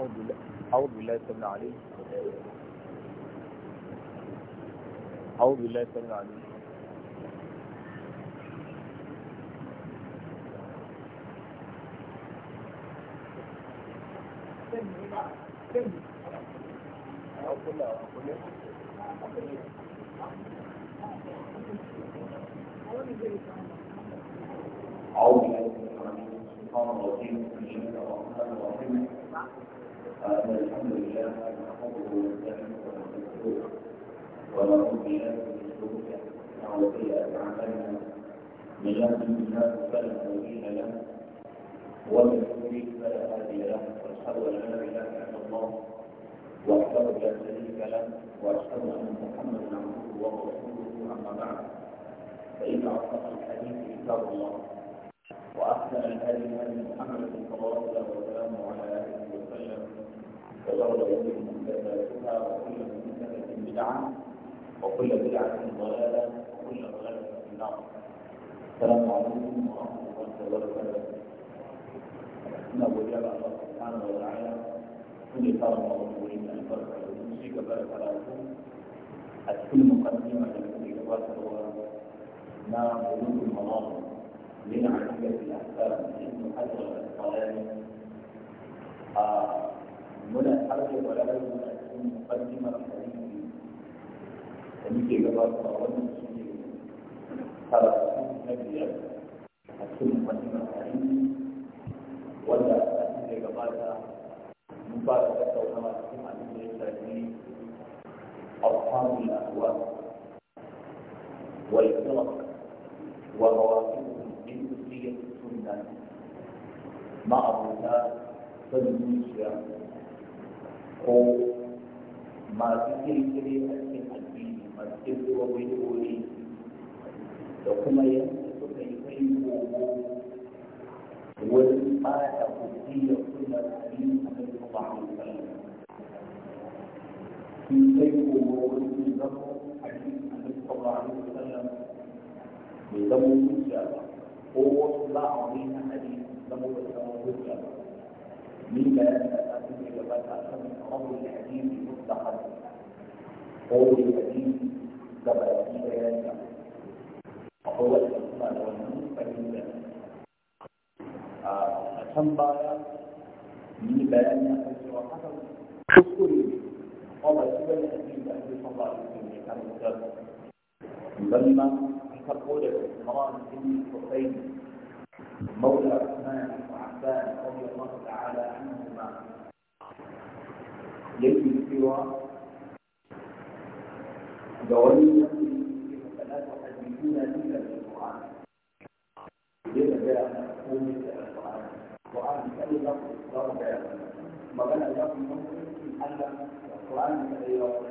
أعوذ بالله أعوذ بالله السميع العليم أعوذ بالله السميع العليم أعوذ بالله من الشيطان الرجيم الرحيم من الشرك والرحمن الرحيم الحمد لله نحمده ونستعينه ونستغفره ونعوذ بالله من شرور انفسنا وسيئات اعمالنا من يهده الله فلا مضل له ومن يضلل فلا هادي له واشهد ان لا اله الا الله وحده لا شريك له واشهد ان محمدا عبده ورسوله اما بعد فان اصدق الحديث كتاب الله واحسن الهدي هدي محمد صلى الله عليه وسلم وكل بدعة ضلالة وكل ضلالة في النار السلام عليكم ورحمة الله وبركاته إن أبو جاب الله سبحانه وتعالى كل كرم ومسؤولين أن ترك المشرك بارك عليكم أتكون مقدمة لكل جواب ما بلوغ المناطق من عملية الأحكام ابن حجر الأسقلاني آه، muna harfe bayanin mu a cikin mukaddimar hadisi da muke gabatarwa wannan shi ne karatu na biyar a cikin mukaddimar hadisi wanda a cikin gabata mun ba da tattaunawa cikin abin da ya shafi أصحاب الأهواء والفرق ومواقفهم من أصول السنة مع الناس فالمنشأ ko masu a قول الحديث كما يأتي وهو الإيمان والنور فإن أتم بايا من بيان أنفسه وحكم شكر وما سوى الحديث أهل صلى الله عليه وسلم كان مجرد لما تقول عمران بن حسين مولى عثمان وعفان رضي الله تعالى عنهما يجب سوى جوانب فلا تحدثون لك القرآن لذا جاء قوم القرآن القرآن كأي لفظ ضرب ما بنى لفظ ممكن أن القرآن كأي لفظ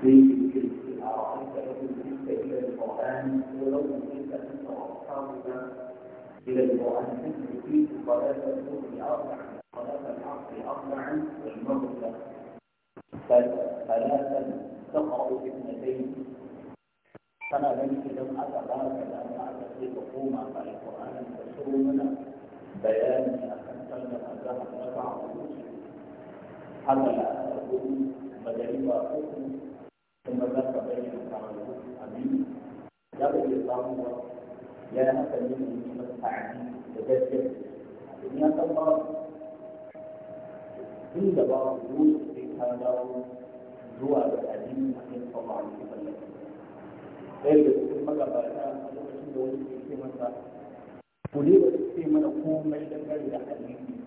في أرأيت لكم تلك إلى القرآن ولو كنت أنت إلى القرآن تجد صلاة الظهر أربعا صلاة العصر أربعا والمغرب ثلاثا تقرأ اثنتين فلا ذلك لم أتقال كلام أتقي حكومة القرآن تسرمنا بيان أن تلم الذهب نفع حتى لا تكون مدربة حكم ثم ذاك بين الكرم أمين يبدو الله يا أكلم من التعديل تجدد إن الله عند بعض الوجود هذا zuwa ga addinin annabi sallallahu alaihi wasallam ɗaya da cikin magabata lokacin da wani ke ce masa ku ne ba su ce mana komai dangane da addini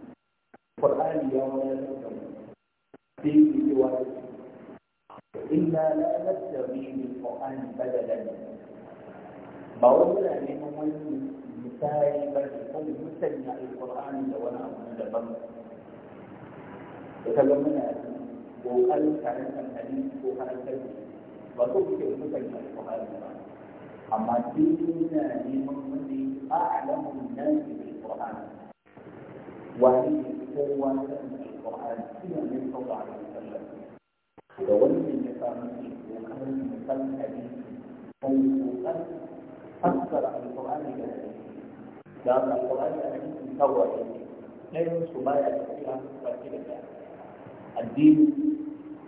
Qur'ani ya wayar da mu sai ke cewa da shi إنا لا نبتغي بالقرآن بدلا بقول لهم وين مثال بل يكون مستمع القرآن لو أنا أبو ندبر يتكلمنا kokarin karantar hadisi ko karantar da ba so kuke da suka yi alfahari ba amma duk yana neman wani a'lamun nan da alquran wani kowa san alquran shine ne sallallahu alaihi wasallam da wannan ya samu shi kokarin san hadisi ko kokarin fassara alquran da hadisi da alquran da hadisi kawai ɗayan su baya tafiya ba da ɗaya الدين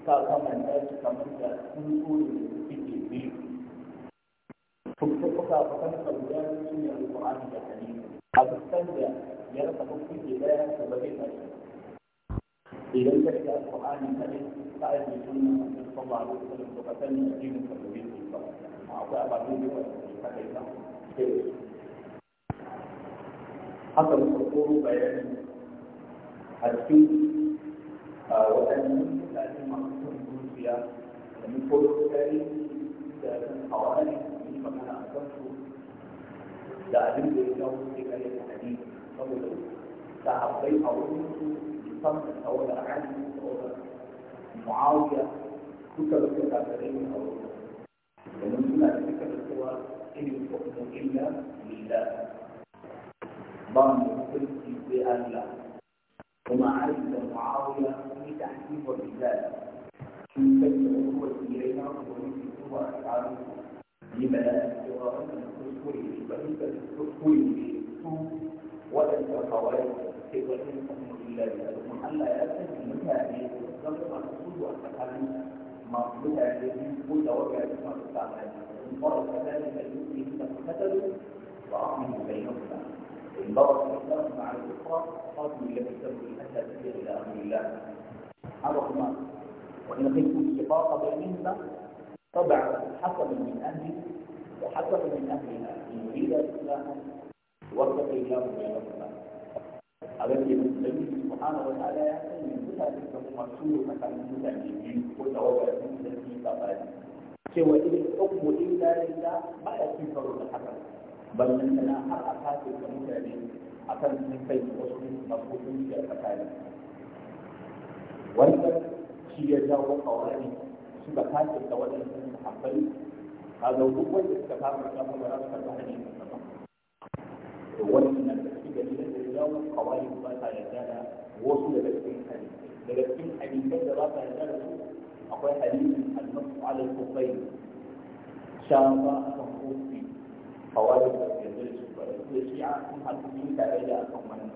كما الناس كما كل في الدين فبتبقى فكان القرآن في القرآن الكريم أبستنجا يرفع في الجبال سببين إذا كان القرآن الكريم قائد يسمى صلى الله عليه وسلم فكان الدين سببين أعطى أبعدين وكذلك حتى نقول بيان الدين waɗannan mutane masu son zuciya da nufo kokari da hawari yi magana a kan su da abin da ya kawo sai kare da hadi saboda sahabbai a wurin su musamman a wani rani da wani mu'awiya duka da suka kafare ne a wurin domin suna da duka da cewa irin hukumu illa lillah ba mu hukunci sai Allah ومعارك معاوية في تحكيم والرجال في بيت الأخوة إلينا ومن الأخوة أشعاره لما يرى أن الكسكري بالنسبة للكسكري ولن تقوائد في وجه إلا بأنهم ألا يأتي منها أن يتطلق الحصول والتكلم مقبولة الذي كل وجه ما تستعمل وقال كذلك يمكن أن تختلف وأعمل بينهما انضبط الإسلام مع الأخرى قادم الى تبدو حتى تسير إلى أمر الله هذا ضمان وإن خفتم الشقاق بينهما طبعا حسب من أهله وحسب من أهلها إن يريد إصلاحا وفق الله بينهما أبدا المسلمين سبحانه وتعالى يحسن من كتاب المرسول مثلا من كتاب الإنجيل وتوابع من كتاب الإنجيل سوى إلى الحكم إلا لله ما يكفي فرد الحكم ballan sana har a kace ga mutane a kan sun kai wasu masu kunci a tsakani wannan shi ya jawo kawai suka kace ga waɗannan sahabbai a ga duk wanda suka kama kafa ba za su karɓi hadisi ba to wannan na da shi da ya jawo kawai ba ta yarda da wasu daga cikin hadisi daga cikin hadisai da ba ta yarda da su akwai hadisin annabi alaihi wasallam shamba kawai da yanzu da su da shi a sun haɗu ne tare da akan wannan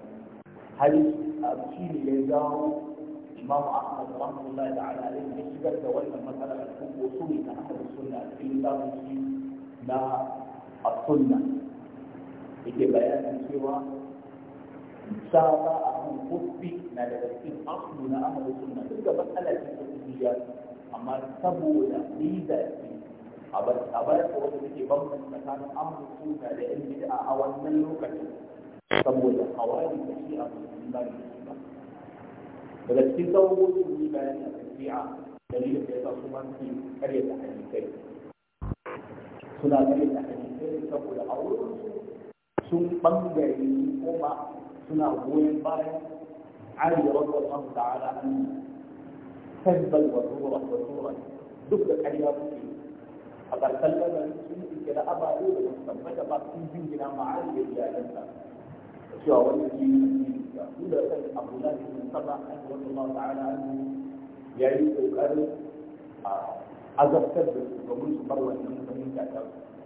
hali a shi ne ya jawo imamu ahmad rahmatullahi ta'ala alaihi ya shigar da wannan matsalar a cikin usuli na ahmad sunna a cikin zamu shi na as-sunna yake bayanin cewa saba a kan kufi na daga cikin aslu na ahmad sunna duk da matsalar cikin kufiya amma saboda ni da a bar ko wanda suke bambam tsakanin ahlus sunna da yan bid'a a wannan lokacin saboda hawari da shi a musulmi ba ne ba daga cikin sauran musulmi bayani a tafiya dalilin da ya sa su ma suke karya da hadisai suna karya da hadisai saboda a wurin sun bangare koma suna goyon bayan علي رضي الله تعالى عنه كذبا وزورا وزورا دبت عليها مسلم a ƙarshen lamarin sun kirkira ababe da wasu tabbata ba sun jingina ma'ar da iyayensa da cewa wani ke yi da su da kan abu na cikin sama an yi wata mawa ta'ala an ya yi ƙoƙarin a azabtar da su domin su bar wannan musamman da ta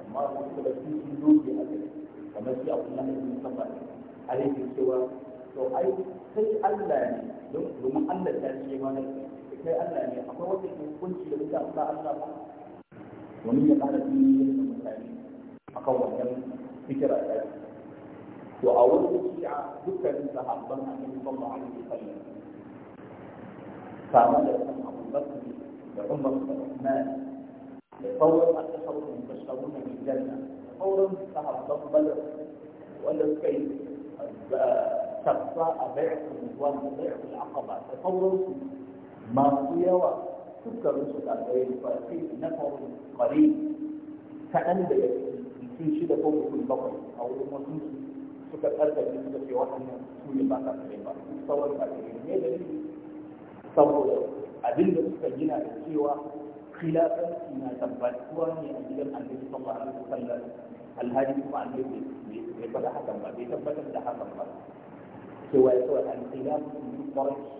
amma wasu da su sun doge a kai kamar shi abu na cikin sama a yake cewa to ai sai Allah ne domin Allah ta ce ma kai Allah ne akwai wata hukunci da ta sa Allah ba ومن يقال فيه المتعليم أقوى كم فكرة أساسية وأول الشيعة ذكر لها أفضل صلى الله عليه وسلم فعمل لهم أبو بكر وعمر وعثمان فورا أتصور أن تشربون في الجنة فورا فيها أفضل بلغ ولو كيف تقصى بيعكم وبيع العقبة تصور ما هو وقت dukkanin su ɗalibai ne ba sai na kawai kwari kaɗan da mutum shida ko mutum bakwai a wurin wasu suka tsarkake suka ce waɗannan su ne ba ka tsaye ba sauran ba ne ne da ne saboda abin da suka gina da cewa khilafanci na tabbatuwa ne a gidan annabi sallallahu alaihi wasallam alhaji kuma annabi bai faɗa hakan ba bai tabbatar da hakan ba cewa ya kawai alkhilafu min quraish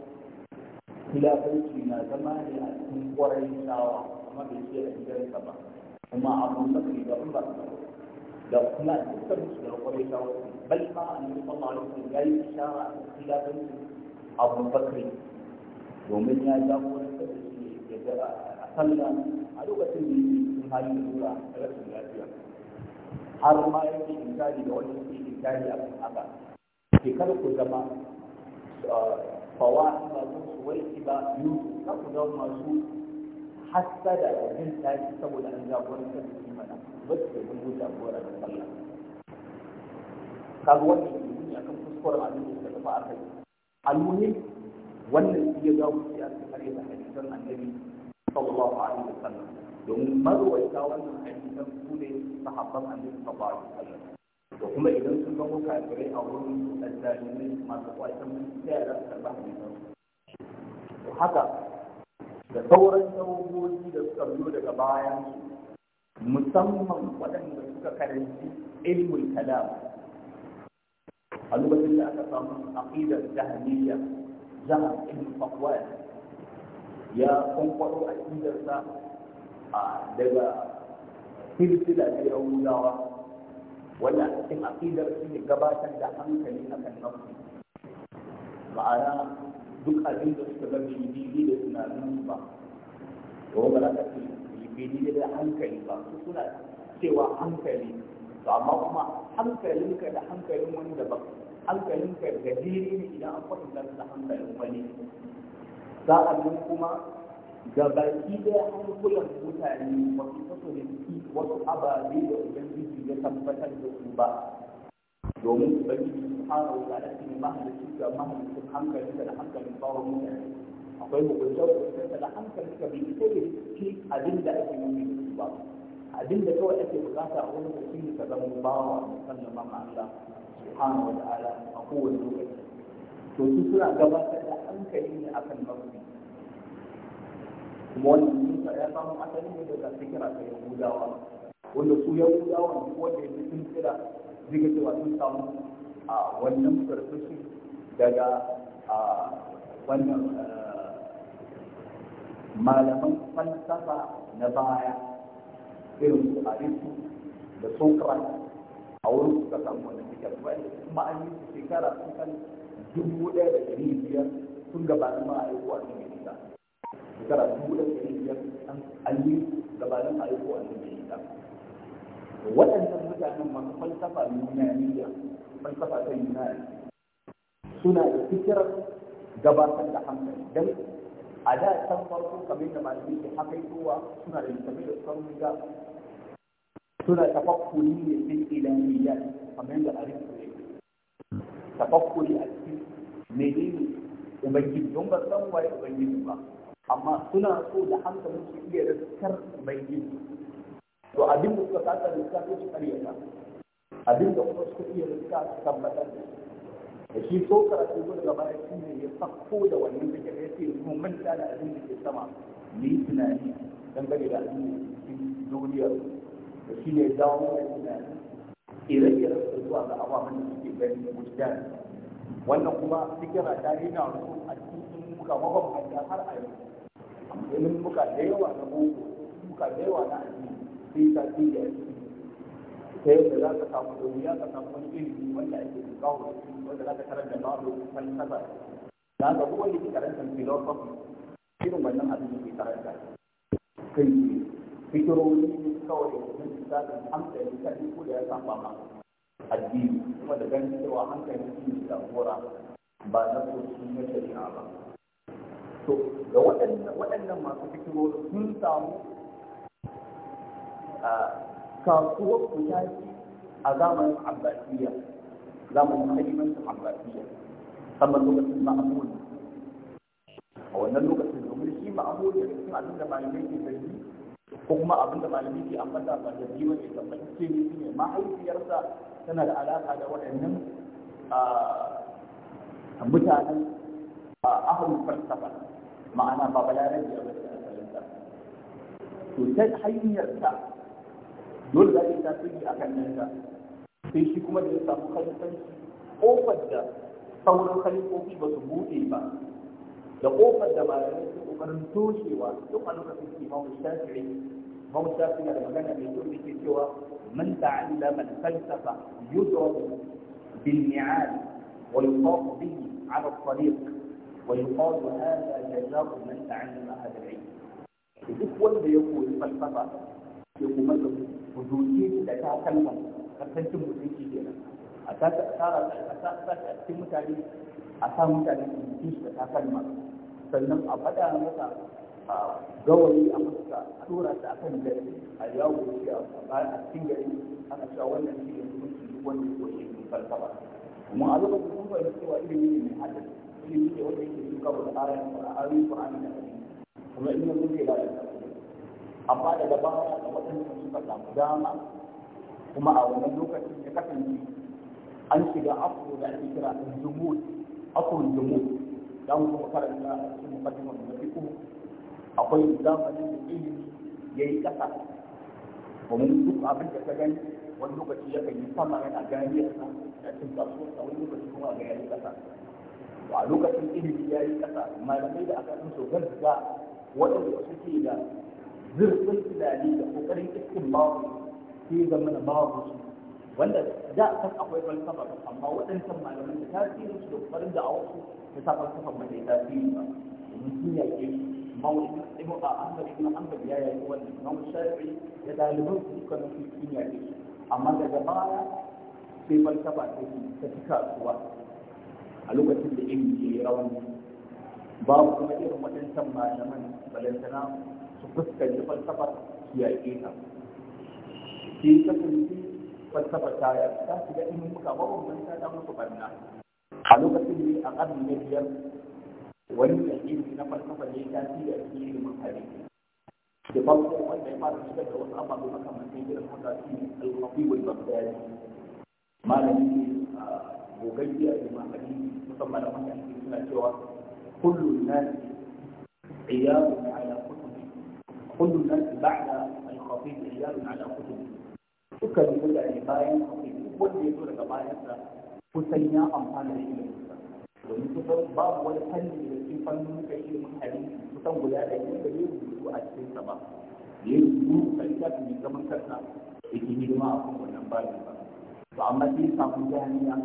khilafanci na zama ne a cikin kwarai shawa amma bai ce a gidansa ba kuma abu mafi da umar da kuma dukkan su da kwarai shawa bal ma an yi kuma alaikum ya yi shara a khilafanci abu bakri domin ya jawo wani kada shi ya jira a sallah a lokacin da yake cikin hali da lura da rashin lafiya har ma yake inkari da wani yake inkari a kan haka shekarar ku zama ah, فواهم دوس ويتبا يوسف كفو دوما يوسف حتى دا جن تايت سبو دا انجاب ونسد الإيمان بس بنجو دا بورا دا صلى قال وانا يجبني أكم تذكر عن يوسف كفا أرخي المهم وانا يجبني أكم تذكر عن يوسف النبي صلى الله عليه وسلم يوم مروا إتاوانا حديثا كولي صحابا عن يوسف صلى الله عليه وسلم da kuma idan sun ga muka kafirai a wurin azzalimai masu kwatan mulki sai za su karba hadisan to haka da sauran tawagogi da suka zo daga bayan musamman waɗanda suka karanci ilmul kalam a lokacin da aka samu aqidar jahiliya jahar ibn faqwan ya kwankwaro aqidarsa daga silsila ta yahudawa wanda a cikin aƙidar shi ne gabatar da hankali a akan nafsi ma'ana duk abin da suka zama shi daidai da tunanin ba ko ba za ka ce daidai da hankali ba su suna cewa hankali to amma kuma hankalinka da hankalin wani daban hankalinka gajere ne idan an kwatanta da hankalin wani sa'annan kuma ga baki daya hankulan mutane wasu kasolinki wasu ababe da ubangiji ya tabbatar da su ba domin ubangiji subhanahu da ta'ala shine mahalicci ga mahalicci hankali da hankalin bawon mutane akwai hukunce hukunce da hankali ka bi ko da shi abin da ake nufi da su ba abin da kawai ake bukata a wani mutum ka zama bawa musamman ma Allah subhanahu wa ta'ala a kowane lokaci to su suna gabatar da hankali ne akan mafi kuma wannan nisa ya samu asali ne daga fikira ya yahudawa wanda su yahudawa ne ko da yake sun kira zai ga cewa sun samu a wannan farfashi daga wannan malaman falsafa na baya irin su arisu da sokrates a wurin suka samu wannan fikir kuma an yi shekara kusan dubu ɗaya da ɗari biyar sun gabatar ma a yi kowa ne shekara dubu da ɗari biyar an yi gabanin aiko a yi da waɗannan mutanen masu falsafa yunaniya falsafa ta yunani suna da fikirar gabatar da hankali don a da can farko kamar da malamai ke haka kowa suna da littafai da suka rubuta suna tafakkuri ne cikin ilaniyya kamar da aristotle tafakkuri a cikin menene ubangiji don ba san waye ubangiji ba amma suna so da hankalin su iya mai ubangiji to abin da suka kasa da suka su karyata abin da kuma suka iya rika su tabbatar da shi so karatu ko daga baya shi ne ya fakko da wannan da ke yake mu manta da abin da ke sama ni tunani dangane da abin da ke cikin duniyar da shi ne dawo da tunani ire-iren da zuwa ga abubuwan da suke gani mujdan wannan kuma fikira ta yi na rusu a cikin muka mabambanta har a yau ilimin muka da yawa na boko muka da yawa na addini sai ka ci da ta yadda za ka samu da wuya ka samu wani ilimi wanda ake da kawo wanda za ka tarar da babu falsafa za ka kuma wanda ke karanta philosophy irin wannan abin da ke karanta kai ne fikirori kawai da za ka hankali kan ko da ya saba ba. addini kuma da ganin cewa hankali shi ne jagora ba na sosu na shari'a ba to ga waɗannan masu ruwa sun samu kasuwar ku ta a zamanin abbasiya zamanin halimantar abbasiya saman lokacin ma'amuri a wannan lokacin domin shi ma'amuri da cikin abin da malamai ke zargi ko kuma abin da malamai ke ambata ba da biyu ne tabbaci, ce ne mahaifiyarsa tana da alaƙa da waɗannan mutanen a ahun falsafa ma'ana ba balarabe a wasu asalinsa to ta hanyarsa dole za ta yi tasiri a kan nasa sai shi kuma da ya samu khalifanci ƙofar da sauran khalifofi ba su buɗe ba da ƙofar da malamai su ƙoƙarin toshewa duk a lokacin imamu shafi'i imamu shafi'i na da magana mai kyau da ke cewa من تعلم الفلسفة يضرب بالنعال ويطاق به على الطريق ويقال هذا جزاء من تعلم هذا العلم duk wanda ya koyi falsafa ya kuma da buduki da ta kalmar karkancin mutunci nan, a ta tsara a ta a cikin mutane a sa mutane su yi da ta kalmar sannan a faɗa masa a gawayi a masa a tura ta akan gari a yawo shi a bayan a cikin gari ana cewa wannan shi ne mutunci duk wanda ya koyi falsafa kuma a lokacin sun fahimci cewa ilimi ne mai hadari ilimi da wanda yake duka da ayoyin Qur'ani Qur'ani da hadisi kuma in mun ce lafiya amma daga baya da waɗanda suka samu dama kuma a wannan lokacin ya kasance an shiga afro da ake kira jumud afro jumud dan kuma karanta cikin mukaddimar da fiqh akwai zamanin da ilimi yi ƙasa, domin duk abin da ka gani wani lokaci ya yakan yi sama yana ganiyarsa da cin a wani lokaci kuma ga yayi ƙasa. Wa a lokacin ilimi ya yi kasa malamai da aka san sogan da waɗanda suke da zurfin tunani da ƙoƙarin iskin babu sai zama da babu su wanda da san akwai falsafa amma waɗancan malamai da ta fi su da kokarin da a wasu ta sa falsafa mai fi yi ba domin sun yaƙe mawuyi ibn ahmad ibn hanbal ya yaƙi wannan imam shafi'i da ɗaliban su suka nufi sun yaƙe amma daga baya sai falsafa ta fi kasuwa a lokacin da iri ke rauni babu kuma irin waɗancan malaman balantana su fuskanci falsafar su yaƙe ta sai kasance falsafar ta ya ta shiga ilimin muka wani ta musu barna a lokacin ne a ƙarni na biyar wani yaƙini na falsafar ne ta fi yaƙi ilimin hadisi da farko wanda ya fara shigar da wasu ababe makamantan irin haka shi ne alƙafi wal bagdadi malami ne ah, gogayya da mamadi musamman da wanda ake suna cewa kullun nas عيال على كتبه كل الناس بعد الخطيب عيال على كتبه suka yi mutane bayan kafin duk wanda ya zo daga bayansa kusan ya amfana da ilimin domin kusan babu wani fanni da cikin fannin ka ilimin hadisi kusan guda da yin da ya rubutu a cikin sa ba ya rubutu a littafin mai zaman kansa da ke hidima a kan wannan bayan ba to amma sai samu jami'a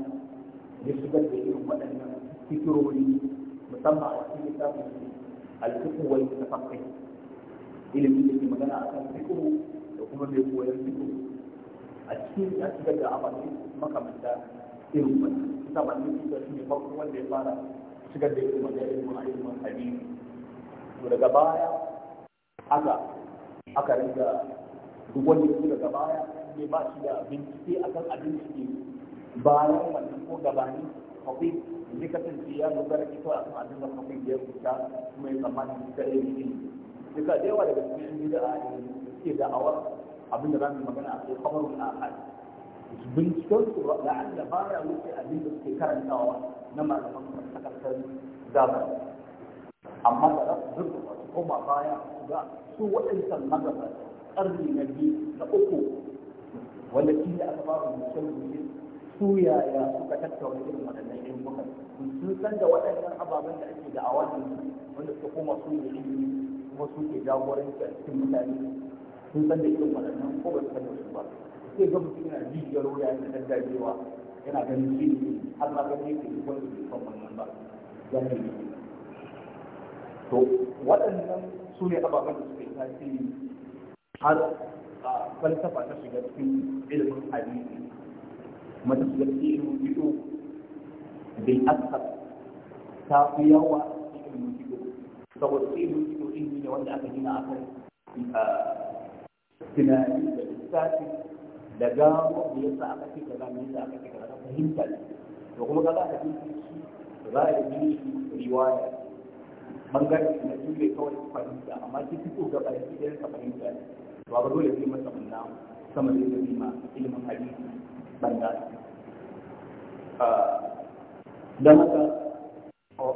ya shigar da irin waɗannan fikirori musamman a cikin littafin alfiqhu wal tafaqih da ke magana a kan fiqhu da kuma mai koyar fiqhu a cikin ya shigar da amfani makamanta irin ba ne shi ne farko wanda ya fara shigar da irin wannan ilimin a ilimin hadisi to daga baya aka aka rinka duk wanda ya daga baya ne ba shi da bincike akan abin da ke bayan wannan ko gabani hafi ka kasance ya dogara ita a kan abin da hafi ya rubuta kuma ya tsammanin da ya yi duka da yawa daga cikin bida a ke awa abin da za magana a kai kamar wani ahad binciken su da an da ba ya wuce abin da suke karantawa na malaman kasar zamani amma da za su zurfa su koma baya su ga su waɗansan magabata ƙarni na biyu na uku wanda shi ne aka ba mu mutum su yaya suka tattauna irin waɗannan ilmuka sun san da waɗannan ababen da ake da a wannan wanda suka koma su da ilimi kuma su ke jagoranci a cikin mutane sun san da irin waɗannan ko ba su san da su ba sai ga mutum yana jijiyar wuya yana daddajewa yana ganin shi ne har ma ganin yake da wanda bai san wannan ba jahili to waɗannan su ne ababen da suka yi tasiri har falsafa ta shiga cikin ilimin hadisi متفسير وجوه بالأكثر تافي يوى سير وجوه فهو سير وجوه إني وأنا أكدين آخر tunani da lissafi da gano da ya sa aka ce kaza me yasa aka ce kaza ka fahimtar. Da kuma kaza ka ji shi ra'ayi riwaya bangaren na dole kawai fahimta amma ki fito ga baki da fahimta to ba dole sai masa munna sama da ilimin hadisi banda ah, don haka oh,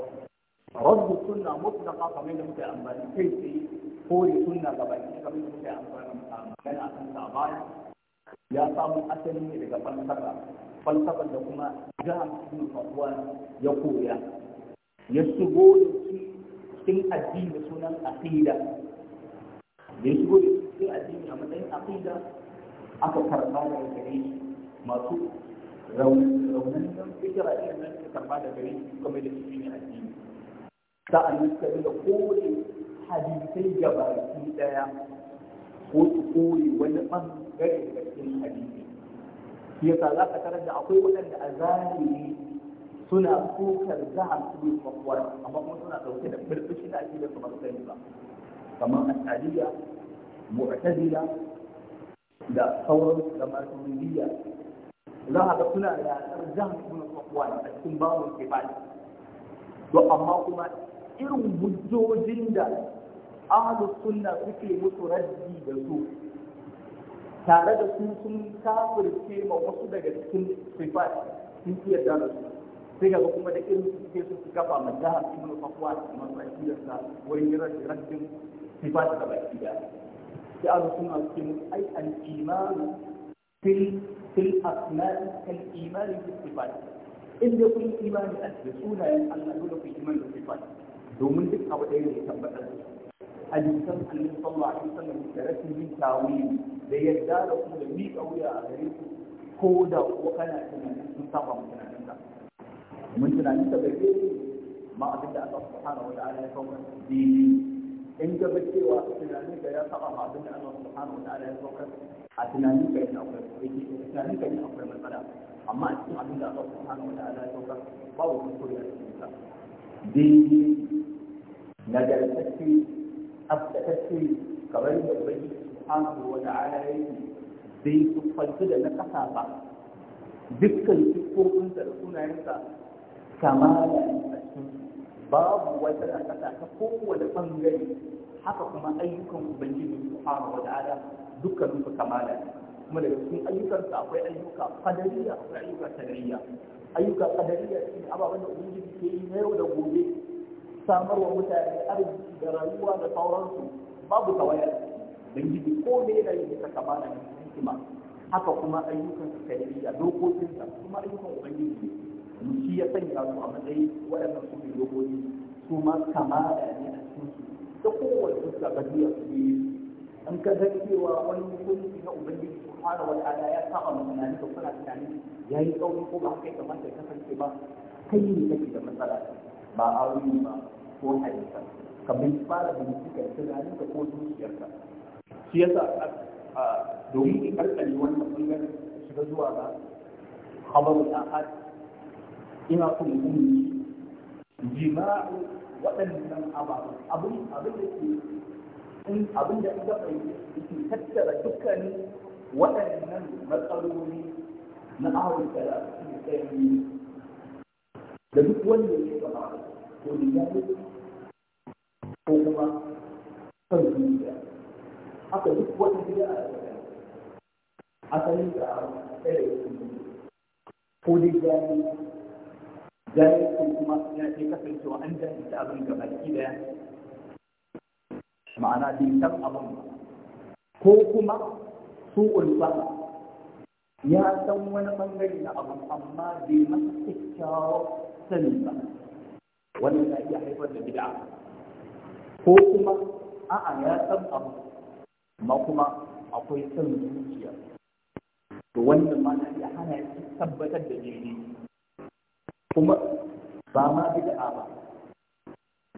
rabbu sunna mutlaqa kamar da muke amfani kai tsaye kore da gaba ɗaya kamar da muke amfani ah, magana kan sabani ya samu asali ne daga falsafa falsafa da kuma jihar cikin fasuwa ya koya ya shigo da shi cikin addini sunan aqida da ya shigo da cikin addini a matsayin aqida aka karɓa daga gare shi masu raunin fikira irin nan suka karba da gari kuma da shi ne addini sa'annan suka da kore hadisai gabaki daya ko su kore wani bangare daga cikin hadisi shi yasa za ka tarar da akwai waɗanda a zahiri suna tukar zahar su ne kwakwar amma kuma suna ɗauke da firfishi da ake da kamar sani ba kamar asaliya mu'tazila da sauran kamar sunniya za a ga suna da zan kuma kwakwani a cikin bawon kifani to amma kuma irin hujjojin da ahlus sunna suke musu raddi da su tare da su sun kafirce ma wasu daga cikin sifat sun fi yarda da su sai ga kuma da irin su ke su kafa ma jihar ibnu a kamar baki da sa wurin raddin sifat da baki da sai ahlus sunna suke musu ai al-iman fil في كالإيمان الإيمان والصفات إن يكون الإيمان أثبت أولا أن نقول في الإيمان والصفات دوم من ذلك أو أين يتبع أن يسمى صلى الله عليه وسلم بثلاث من تاويل ليزال كل مئة أو يا أهلين كودا وقنا كنا نتطفى من من كنا نتبعه ما أدد الله سبحانه وتعالى يقوم بديني إن جبت وقتنا نتبعه ما أدد الله سبحانه وتعالى يقوم a tunanin ka yana akwai yake a tunanin ka yana akwai matsala amma a cikin abin da Allah subhanahu wa ta'ala ya saukar babu kuskure a cikin sa daidai nagartacce tsaftatacce kamar yadda ubangiji subhanahu wa ta'ala yake bai tuffanci da na kasa ba dukkan siffofinsa da sunayensa kamala a cikin babu wata na kasa ta kowane bangare haka kuma ayyukan ubangiji subhanahu wa ta'ala dukkanin su kamala ne kuma daga cikin ayyukansa akwai ayyuka qadariya akwai ayyuka sanariya ayyuka qadariya shi ababen da ubangiji ke yi na yau da gobe Samar wa mutane arziki da rayuwa da sauransu babu tawaya gidi ko ne yana yin duka kamala ne hikima haka kuma ayyukan su dokokin dokokinsa kuma ayyukan ubangiji ne shi ya sanya su a matsayi waɗannan su ne dokoki su ma kamala ne a cikin su da kowace fuska ga su ne. in ka san cewa wani hukunci na ubangiji subhanahu wa ta'ala ya saba mu tunani da kuna tunani yayi tsauri ko ba kai kamar da kasance ba kai ne kake da matsala ba aure ba ko hadisa ka bin fara bincika tunanin da ko zuciyarka shi yasa domin in karkare wannan bangaren shiga zuwa ga khabarul ahad ina son ummi jima'u waɗannan ababen abin abin da ke in abin da suka fahimci ke tattara dukkanin waɗannan matsaloli na da kala su tsayi da duk wanda ya gaba ko da ya ko kuma kan duniya haka duk wanda wata gida a asalin da a tsaye ko da ya ne zai kuma ya ce kasancewa an jahilta abin gaba ki daya ma'ana bin san abin ko kuma su ba ya san wani bangare na abu amma bai masa kyakkyawar sani ba wannan na iya haifar da bid'a ko kuma a'a ya san abu amma kuma akwai san zuciya to wannan ma na iya hana shi tabbatar da jini kuma ba ma bid'a ba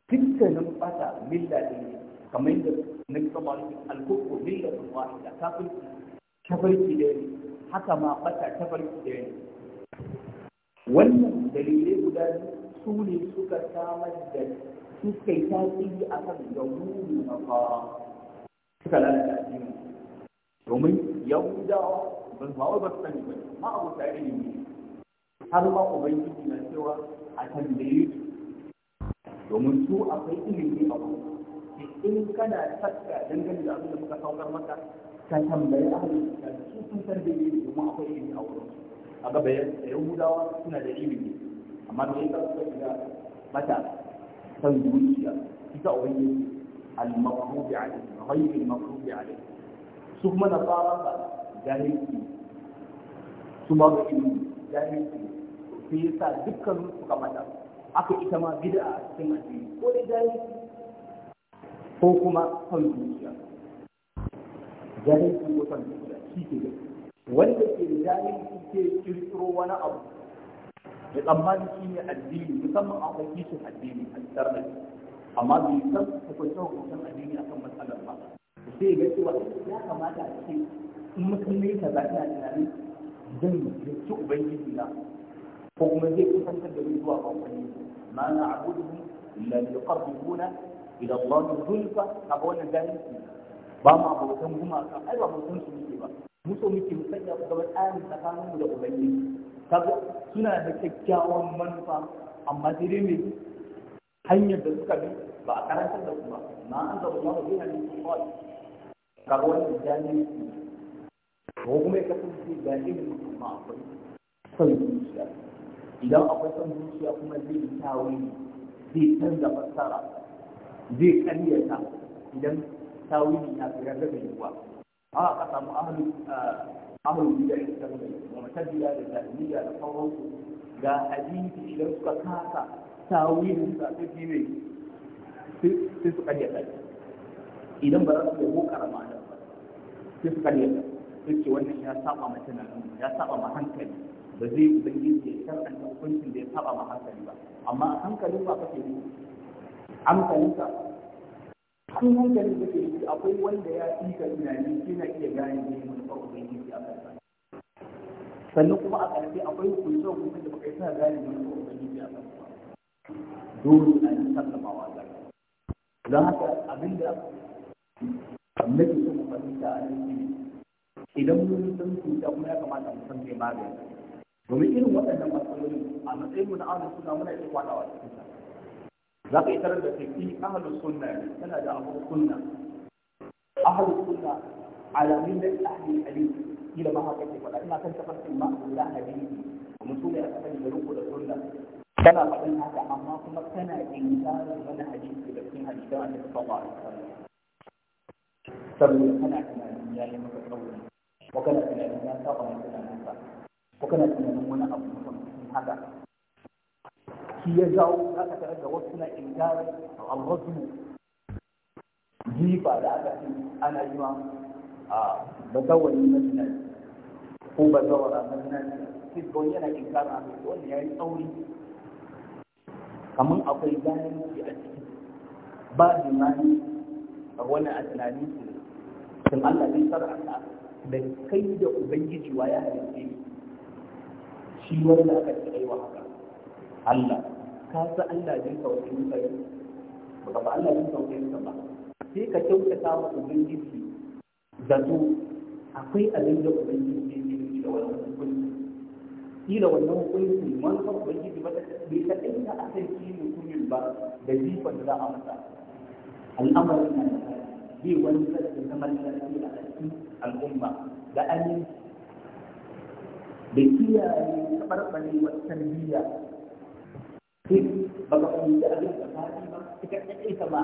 dukkanin bata milla ne kamar yadda nabi sallallahu alaihi da al-kufru millatun wahida kafir tafarki da ne haka ma bata tafarki da ne wannan dalilai guda su ne suka samar da suka yi tasiri a kan yahudu na fa. suka lalata addini domin yahudawa ban ba wai ba su sani ba ma abu tare ne har ma ubangiji na cewa a tambaye domin su akwai ilimi a kuma in kana shakka dangane da abin da muka saukar maka ka tambayi ahlul kitab su sun san da ilimi domin akwai ilimi a wurin a gaba yahudawa suna da ilimi amma me yasa suka shiga mata san zuciya ita ubangiji al-maqrubi alayhi ghayr al-maqrubi alayhi su kuma nasara ba jahilci su ma ba ilimi jahilci sai yasa dukkan su suka mata aka ita ma a cikin addini ko dai jahilci ko kuma son zuciya ganin su ko son zuciya shi ke gani wanda ke jahil shi ke kirkiro wani abu da tsammani shi ne addini musamman a kwanci shi addini a tsarnar amma bai san hukuncin hukuncin addini kan matsalar ba sai ga cewa ya kamata a ce in mutum ne ka zaɓi a tunanin zan yanki ubangiji na ko kuma zai kusantar da mai zuwa kwakwani ma na abudu la yuqarribuna ila Allah zulfa kaga wannan jahilci ba ma bautan gumaka ai ba abokan su ne ba mu so muke mu sanya ku gaba tsarin tsakanin mu da ubangiji kaga suna da kyakkyawan manufa amma sai dai me hanyar da suka bi ba a karantar da kuma na an zaba ma ba zai ne kawai kaga wannan jahilci ko kuma ya kasance ga ilimin kuma akwai son zuciya idan akwai son zuciya kuma zai yi tawaye zai canza fassara zai karyata idan ta tawili na tsira daga yiwuwa a ka samu ahalu ahalu bida da ta gudu da matabbiya da jahiliya da sauransu ga hadisi idan suka kasa tawilin sa ta jiwe sai su karyata idan ba za su yi karama da ba sai su karyata sai ce wannan ya saba ma tunanin ya saba ma hankali ba zai yi ubangiji ya shar'anta hukuncin da ya saba ma hankali ba amma hankalin ba kake yi an fahimta kun hankali da ke akwai wanda ya fi ka tunani kina iya gane ne mun ba ubangiji a kansa sannan kuma a ƙarshe akwai hukunce hukunce da baka yi sa gane mun ba ubangiji a kansa dole a yi sallamawa ga don haka abinda nake so mu fahimta a cikin idan mun san cuta kuma ya kamata mu san kai magani domin irin waɗannan matsaloli a matsayin mu na aure suna muna iya kwaɗawa cikin sa لقيت تردد فيه أهل السنة سنة أهل السنة أهل السنة على ملة أهل الحديث إلى ما هكذا ولكن ما تنتقل في الماء إلى حديث ومن ومسؤول أسفل ملوك السنة سنة قبل هذا عما ثم سنة إنسان من حديث إلى سنة إنسان الصلاة سبب سنة كمان يعني ما تتنون وكانت من الناس وكانت من المنى أبو هذا shi ya jawo za ka tarar da wasu na inkarin alwasu jifa da aka fi ana yi wa bazawari na zinari ko bazawara na zinari kisbon yana a abin wanda ya yi tsauri kamar akwai ganin ke a ciki ba jimani a wani a tunanin su sun Allah zai sarrafa da kai da ubangiji wa ya halitta shi wani da aka ci aiwa haka Allah ka sa Allah jin tausayin sai ba ka Allah jin tausayin sa ba sai ka kyautata wa ubangiji zato akwai abin da ubangiji ya yi da wannan hukunci kila wannan hukunci manufar ubangiji ba ta bai ta inda a kan shi mutumin ba da jifan da za a masa al'amarin na bai wani sassan zaman lafiya a cikin al'umma da aminci da kiyaye taɓarɓarewar tarbiyya sai baka fahimci abin da ta ba ba ita kadai ta ba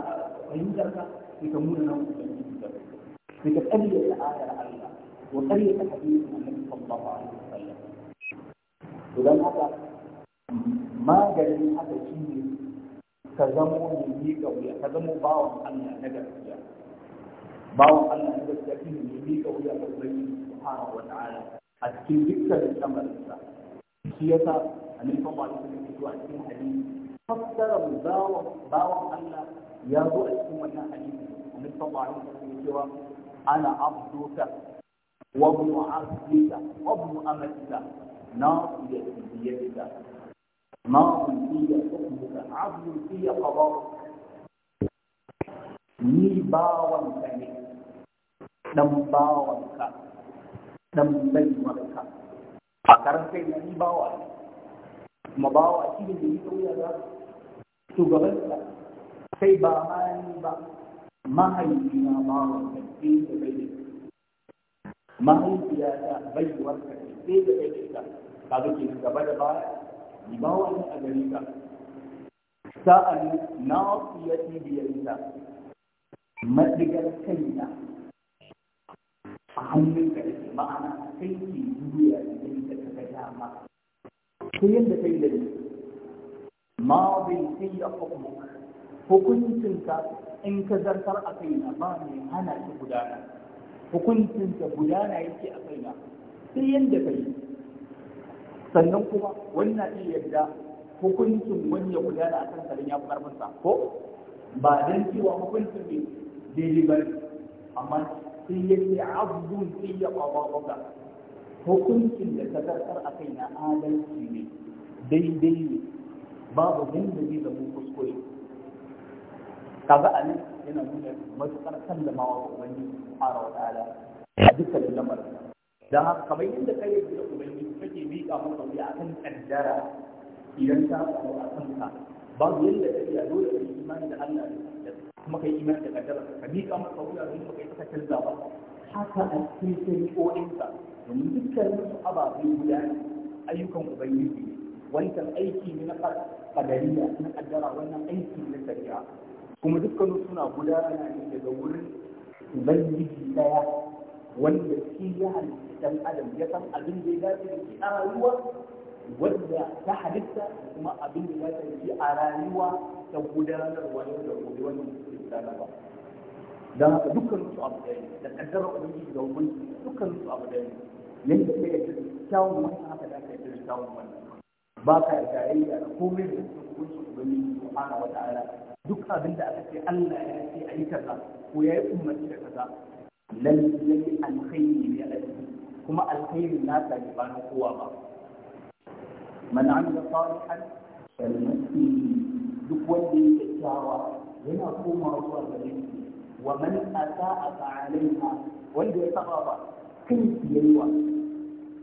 fahimtar ka sai ka muna nan ubangiji da sai ka kalle da ayar Allah wa kalle ta hadisin annabi sallallahu alaihi wasallam to dan haka maganin haka shine ka zamo ne ni ga wuya ka zamo bawan Allah na gaskiya bawan Allah na gaskiya shine ne ni ga wuya ga ubangiji subhanahu wa ta'ala a cikin dukkanin lamarin sa shi yasa annabi sallallahu alaihi wasallam ya a cikin hadisi fassara bawan Allah ya zo a cikin wannan hadisi annabi sallallahu alaihi wasallam cewa ana abduka wa ibnu abdika wa ibnu amatika ناصيتي بيدك ماض في حكمك عدل في قضاءك ni bawanka ne dan bawanka dan baiwarka a karan kai ni bawa ne kuma bawa a cikin da yi kauya ba shugabansa kai ba mani ba mahaifi na bawa kai da kai da mahaifiya ta baiwar ka sai da kai da ita ka ga kenan gaba da baya ni bawa ne a gari ka sa'an nasiyati biyarta madigar kaina a hannun ka da ma'ana kai ke duniya da ka ga dama sai yadda ka yi da bai sai ya Hukuncin hukuncinka in ka zartar a kaina ba mai hana shi gudana hukuncinka gudana yake a kaina sai yadda ka yi sannan kuma wannan iya yadda hukuncin wani ya gudana a kan tsarin ya fi sa, ko ba don cewa hukuncin ne daidai ba amma sai ya ce abdun sai ya kwaba kwaba hukuncin da ta karɓar a kai na adalci ne daidai ne babu yadda zai zama kuskure kaga a nan yana nuna matuƙar sallamawa ga ubangiji subhanahu wa ta'ala a dukkanin lamarin dan haka kamar yadda kai yake da ubangiji kake miƙa masa wuya akan kaddara idan ta faru a kanka babu yadda kai ya dole ka yi imani da Allah da kuma kai imani da kaddara ka miƙa masa wuya don ka kai ka canza ba haka a cikin shari'o'insa domin dukkanin su ababe guda ayyukan ubangiji ne wancan aiki ne na kadariya na kaddara wannan aiki na shari'a kuma dukkanin suna gudana ne daga wurin ubangiji daya wanda shi ya halitta dan adam ya san abin da ya dace da shi a rayuwa wanda ta halitta kuma abin da ya dace da shi a rayuwa ta gudanarwa yau da gobe wannan ba don haka dukkan su abu da ne da kaddara ubangiji da hukunci dukkan su abu da ne yanda kai da cikin kyawun wani haka da kai da kyawun wani ba ka da tarayya da komai da hukunci ubangiji subhanahu wa ta'ala duk abin da aka ce Allah ya ce ayi kaza ko ya yi umarni da kaza lallai alkhairi ne a kuma alkhairi na ta ba na kowa ba man amila salihan fal nafsi duk wanda ya kyakkyawa yana komawa zuwa gare shi wa man a fa alaiha wanda ya saba ba kan yayiwa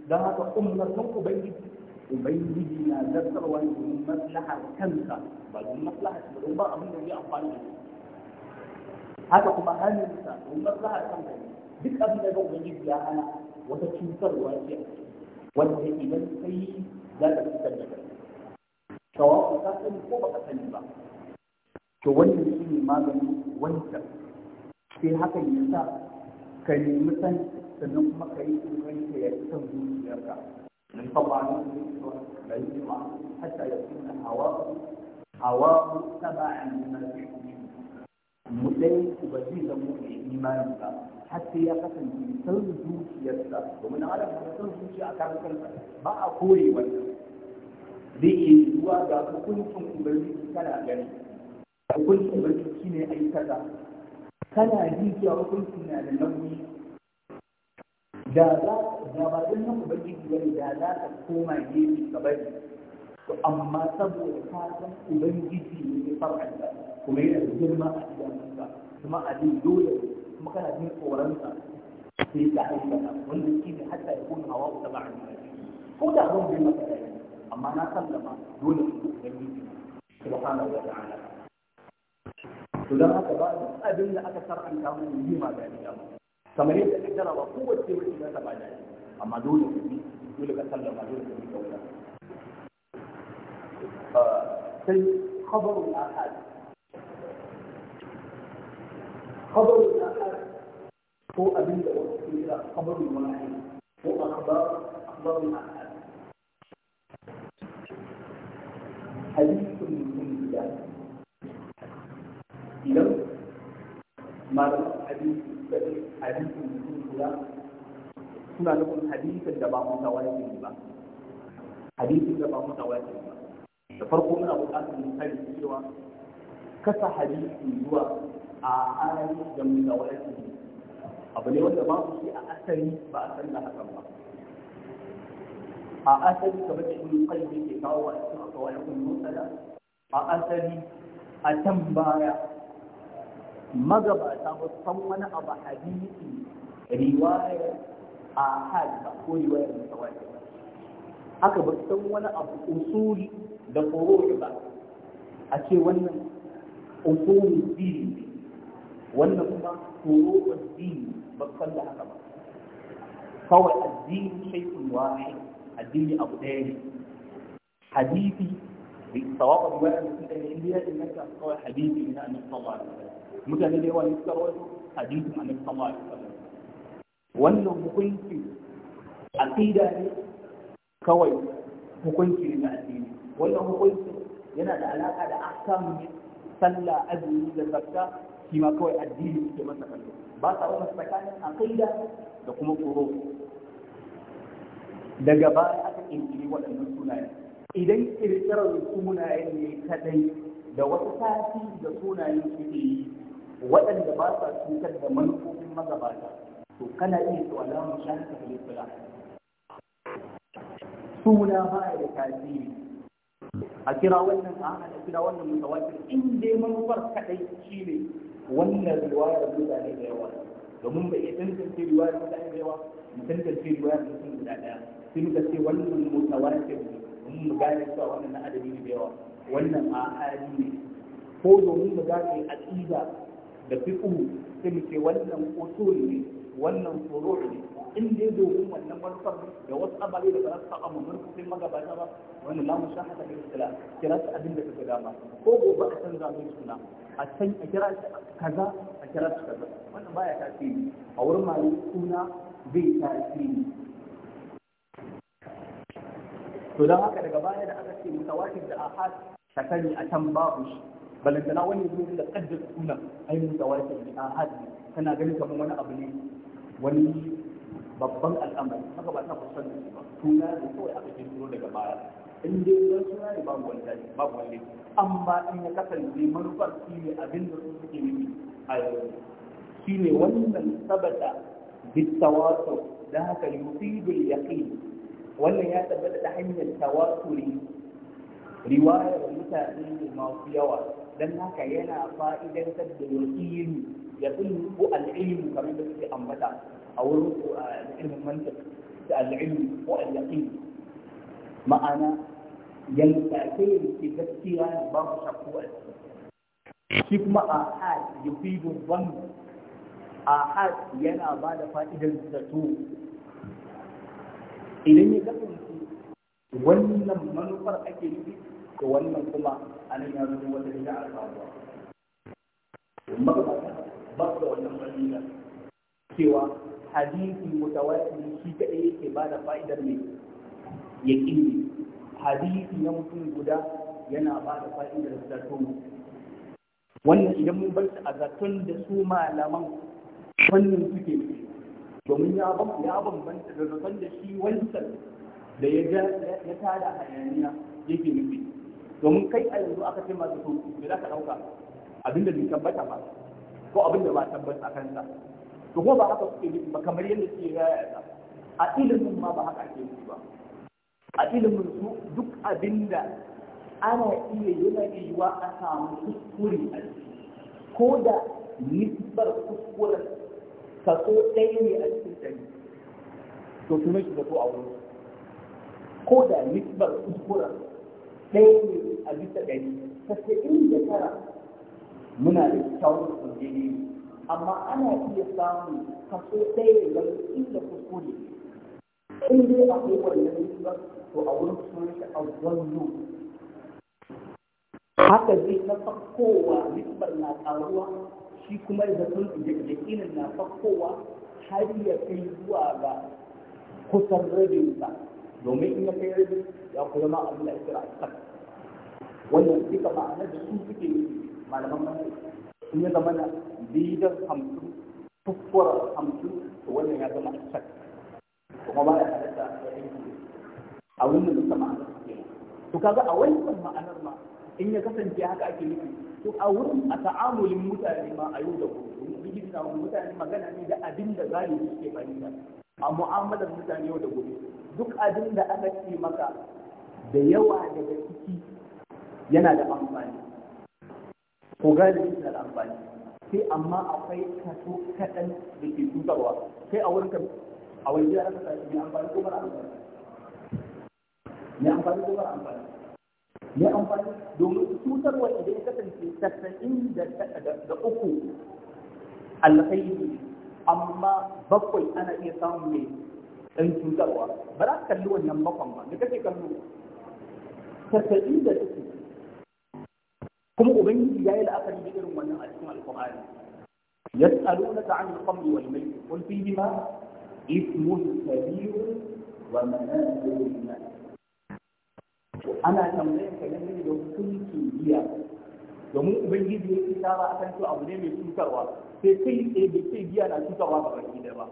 dan haka ummatun ubangiji ubangiji na zartarwa ne domin ba domin maslahar shi domin abin da ya amfani da haka kuma hannun sa domin maslahar ne duk abin da ga ya hana wata cutarwa ce wanda da sani ko baka sani ba to shine maganin wancan sai hakan ya sa ka nemi san sannan kuma ka yi tsoron ka ya fi son zuciyarka ni faɓanin zuciyar da yi ma hatta ya fi na hawa hawa ba a nuna fi mu dai ba zai zama mai imanin ba Hata ya kasance san zuciyarsa domin adam ba san zuciya a kan ba a kore wannan zai iya zuwa ga hukuncin ubangiji kana gani hukuncin ubangiji shine aikata kana ji cewa hukunci na da nauyi da za da ba don nan ubangiji bane da za ka koma gefe ka bari to amma saboda ka san ubangiji ne ya faranta kuma yana da girma a idanunka kuma abin dole kuma kana jin tsoronsa sai ka aikata wanda shi ne hatta ya kuma hawa ta ba ko da zan bai maka amma na sallama dole ku ubangiji subhanahu wa ta'ala to dan haka ba duk abin da aka saranta mu yi ma da ya kamar yadda kaddara ba kowace wacce za ta ba da amma dole ka bi dole ka sallama dole ka bi kauta sai khabarul ahad khabarul ahad ko abin da wasu ke kira khabarul wahid ko akhbar akhbarul ahad حديث من الدنيا idan masu hadisi da hadisin mutum guda suna nufin hadisin da ba mutawatir ba hadisin da ba mutawatir ba da farko muna buƙatar mu sani cewa kasa hadisi zuwa a ayi da mutawatir abu ne wanda ba shi a asali ba a san da hakan ba a asali kamar da ibn qayyim ke kawo a cikin kawai kun musala a asali a can baya. magabata ba san wani abu hadisi riwayar ahad ba ko riwayar mutawatir ba haka ba san wani abu usuli da furu ba a ce wannan usuli dini wannan kuma furu dini ba san da haka ba kawai addini shaikun wahid addini abu ɗaya ne hadisi sawa'u riwayar mutum da indiya din nan kawai hadisi ne na annabi sallallahu mutane da yawa ne suka rawaito hadisin annabi sallallahu alaihi wasallam wannan hukunci aqida ne kawai hukunci ne na addini wannan hukunci yana da alaka da ahkam sallah azumi da zakka shi ma kawai addini suke masa kallo ba sa wani tsakanin aqida da kuma tsoro daga baya aka kirkiri waɗannan sunayen idan kirkirar sunayen ne kadai da wata tafi da sunayen suke yi waɗanda ba sa cutar da manufofin magabata to kana iya cewa la mu shan ta filifila suna ba da tasiri a kira wannan a a kira wannan mutawatir in dai manufar kadai shine wannan riwayar mutane da yawa domin bai iya tantance riwayar mutane da yawa mu tantance riwayar mutum guda daya sai muka ce wannan mutawatir domin mu gane cewa wannan na adabi ne da yawa wannan a hali ne ko domin mu gane aqida da fiqhu sai mu ce wannan usul ne wannan furu' ne in dai domin wannan manufar da wasu amali da ba su saba mu sai magabata ba wannan la mushahada da istila kira su abin da kake dama ko gobe a canza mai suna a can a kira shi kaza a kira shi kaza wannan baya tasiri a wurin malin suna bai tasiri to don haka daga baya da aka ce mutawatir da ahad ta sani a can babu shi balantana wani zuwa da kaddar suna ainihin da wata bi a hadi kana ganin kamar wani abu ne wani babban al'amari haka ba ta kusan da ba suna da kawai aka ce turo daga baya in dai zan suna ne babu wani tashi babu wani amma in ya kasance manufar shi ne abin da su suke nufi a yau shi ne wannan sabata bitawasu da haka yusibul yaqin wannan ya tabbata ta hanyar tawasuri da mutane masu yawa dan haka yana fa'idantar da ilmi ya ilmu al-ilmu kamar da suke ambata a wurin ilmin mantiq da al-ilmu ko al-yaqin ma'ana yankace ke gaskiya babu shakku a ciki shi kuma ahad yufidu dhann ahad yana ba da fa'idar zato idan ya kasance wannan manufar ake nufi to wannan kuma a nan ya zo wata da a sabuwa magabata ba da wannan fa'ida cewa hadisi mutawatiri shi kaɗai yake ba da fa'idar mai yaqini hadisi na mutum guda yana ba da fa'idar da zato wannan idan mun bar a zaton da su malaman fannin suke domin ya bambanta da zaton da shi wancan da ya tada hayaniya yake nufi domin kai a yanzu aka ce masu to me za ka ɗauka abinda bai tabbata ba ko abinda ba tabbata kansa to ko ba haka suke yi ba kamar yadda suke yaya a ilimin ma ba haka ake yi ba a ilimin su duk abinda ana iya yana yiwuwa a samu kuskure a ciki ko da nisbar kuskuren kaso ɗaya ne a cikin ɗari to tunai shi da ko a wurin ko da nisbar kuskuren ɗaya ne a bisa ɗari tasa'in da tara muna da kyawun kundini amma ana iya samun kaso ɗaya da inda kuskure in dai a akwai wannan riba to a wurin sun shi a wallo haka zai na fakkowa ribar na ƙaruwa shi kuma da sun yakinin na fakkowa har ya kai zuwa ga kusan rabin ba domin in ya kai rabin ya kuma ma abin da ya kira a wannan duka ma'anar da su suke malaman mana sun ya zama na bidan hamsin tukkuwar hamsin to wannan ya zama shak kuma ba ya halatta a yanki a wannan duka ma'anar su kenan to kaga a wannan ma'anar ma in ya kasance haka ake nufi to a wurin a ta'amulin mutane ma a yau da gobe domin na mutane magana ne da abin da yi suke fahimta a mu'amalar mutane yau da gobe duk abin da aka ce maka da yawa daga ciki yana da amfani ko galibi yana da amfani sai amma akwai kaso kaɗan da ke tutarwa sai a wurin kan a wani gida aka tashi mai amfani ko mara amfani mai amfani ko mara amfani mai amfani domin tutarwa idan ya kasance tasa'in da da uku allafai amma bakwai ana iya samun mai ɗan cutarwa ba za ka kalli wannan bakwan ba da kake kallo tasa'in da uku kuma ubangiji ya yi la'akari da irin wannan a cikin alkur'ani yas'alunaka 'anil khamri wal maisir qul fihima ismun kabir wa manafi'u lin-nas ana tambayar ka ne da hukuncin giya domin ubangiji ya ci tara akan su abu ne mai cutarwa sai kai tsaye bai sai giya na cutarwa ba baki da ba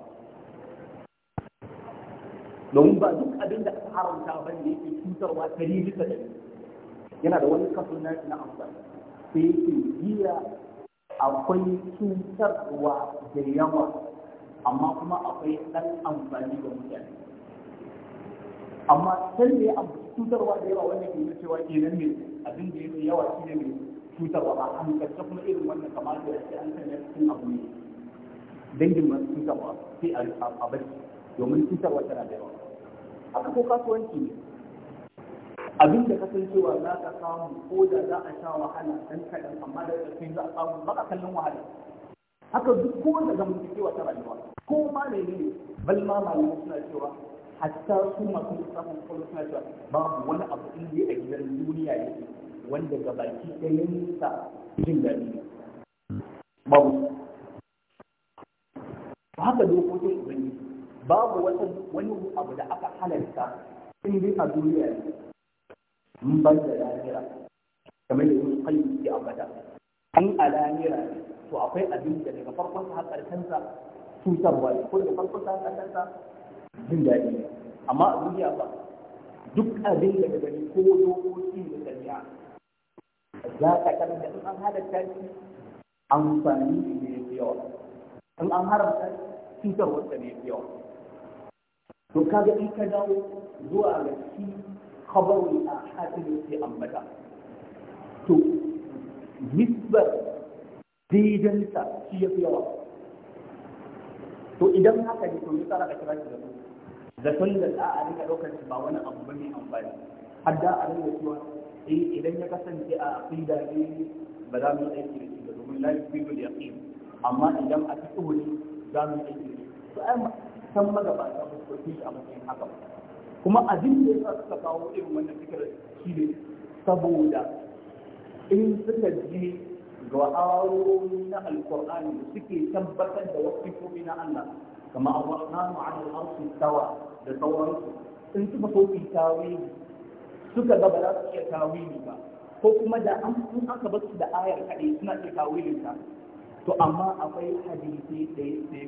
domin ba duk abin da aka haramta ba ne yake cutarwa ta bisa da yana da wani kafin nashi na amfani sai yake giya akwai cutarwa da yawa amma kuma akwai ɗan amfani ga mutane amma sai ne a cutarwa da yawa wanda ke nuna cewa kenan ne abin da yake yawa shi ne mai cutarwa ba a hankalta kuma irin wannan kamar da yake an sanya cikin abu ne dangin masu cutarwa sai a bari domin cutarwa tana da yawa haka ko kasuwanci ne abin da kasancewa za ka samu ko da za a sha wahala dan kaɗan amma da ƙarfi za a samu ba a kallon wahala haka duk ko da zamantakewa ta rayuwa ko ma ne ne balma malamai suna cewa hatta su masu lissafin kwallo suna cewa babu wani abu in dai a gidan duniya ya ke wanda gabaki ɗayansa jin daɗi babu haka dokokin ubangiji babu wani abu da aka halarta in dai a duniya ya ke. in ban da lahira kamar da yin kai ke abada in a lahira to akwai abin da daga farkon sa har karshen sa cutarwa ne ko daga farkon sa har karshen sa jin daɗi amma a duniya ba duk abin da daga ni ko dokoki da shari'a za ka karanta in an halatta shi amfani ne ya yafi yawa in an haramta cutarwarsa ne yafi yawa to kaga in ka dawo zuwa ga shi kabari a ne sai ambata to nisbar daidanta shi ya yawa to idan haka ne to yasa aka kira shi da su zaton da za a rika ɗaukar shi ba wani abu bane amfani har da a rika cewa eh idan ya kasance a aqida ne ba za mu yi aiki da shi ba domin la yufidu yaqin amma idan a cikin za mu yi aiki da shi to ai san magabata ba su ɗauke a matsayin haka ba kuma abin da ya suka kawo irin wannan fikirar shi ne saboda in suka ji ga ayoyi na alkur'ani da suke tabbatar da wasu sifofi na Allah kama ar-rahmanu 'ala al tawa da sauransu in suka so su tawili suka ga ba za su iya tawili ba ko kuma da an sun aka ba su da ayar kaɗai suna iya tawilin ta to amma akwai hadisi da ya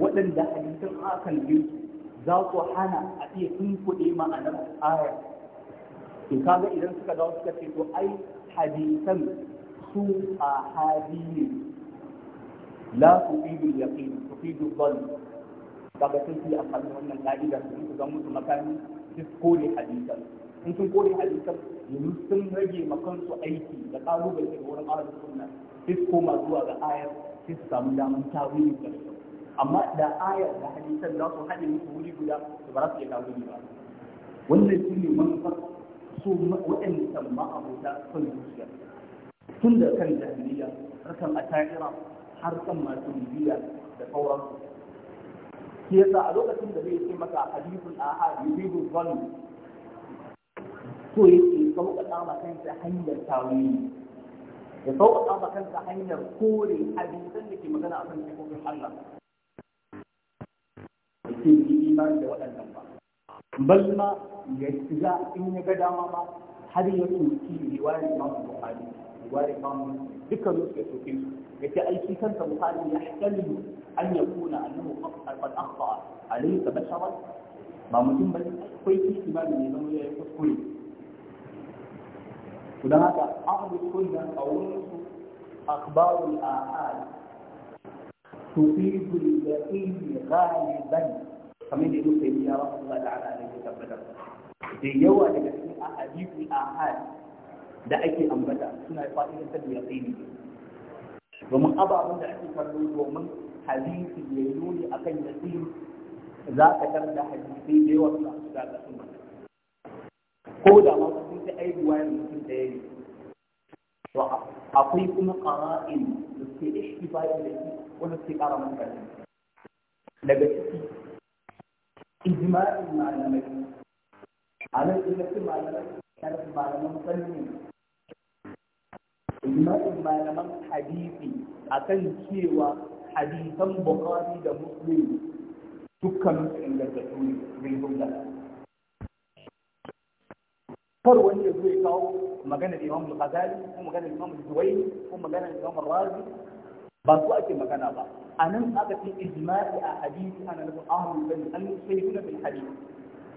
waɗanda hadisan akan yi za ku hana a iya tunkuɗe ma'anar ayar to kaga idan suka dawo suka ce to ai hadisan su a hadi ne la tufidu yaqin tufidu dhann kaga sun fi amfani wannan ka'idar sun ga musu makami su kore hadisan in sun kore hadisan yanzu sun rage makansu aiki da kalubale da wurin ahlus sunna sai su koma zuwa ga ayar sai su samu damar tawili da amma da ayar da hadisan za su haɗe musu wuri guda da ba za su iya kawo ba wannan shi ne manufar su waɗanda ma'abuta son zuciya tun da kan jahiliya har kan ata'ira har kan masu bibiya da sauransu shi yasa a lokacin da zai ce maka hadithul ahad yubidu zalmi so yake sauƙaƙa ma kansa hanyar tawili ya sauƙaƙa ma kansa hanyar kore hadisan da ke magana akan sifofin Allah ce yi imani da waɗannan ba bal ma ya shiga in ya ga dama ma har ya soki riwayar imamu bukhari riwayar imamu dukkan su ya soke su yace ai shi kanta bukhari ya hakali an yakuna annahu qad akhta alaysa basharan ba mutum bane akwai ihtimali ne zama ya yi kuskure to dan haka ahlul sunna a wurin su akhbarul ahad tufidu al-yaqin ghaliban kamar da muka yi yawa Allah da ala ne tabbatar da yawa daga cikin ahadithu ahad da ake ambata suna fa'idantar da yaqini domin ababen da ake kallo domin hadisi ya yi akan yaqini za ka tar da hadisi da yawa suna shiga ga sunna ko da ma sun sai ai ruwayar mutum da yayi to akwai kuma qara'in da suke ishtifai da shi wanda suke kara mun daga ciki إجماع المعلمين على إجماع المعلمين كانت المعلمة مسلمين إجماع المعلمين حديثي أكن شيوا حديثا بخاري ده مسلم dukkan inda da tuni bilbul da kar wani ya zo ya kawo magana da Imam Al-Ghazali ko magana da Imam Al-Zuwayni ko magana da Imam Razi ba su ake magana ba a nan aka ce ijma'i a hadisi ana nufin ahlul bayt an shaykuna bil hadisi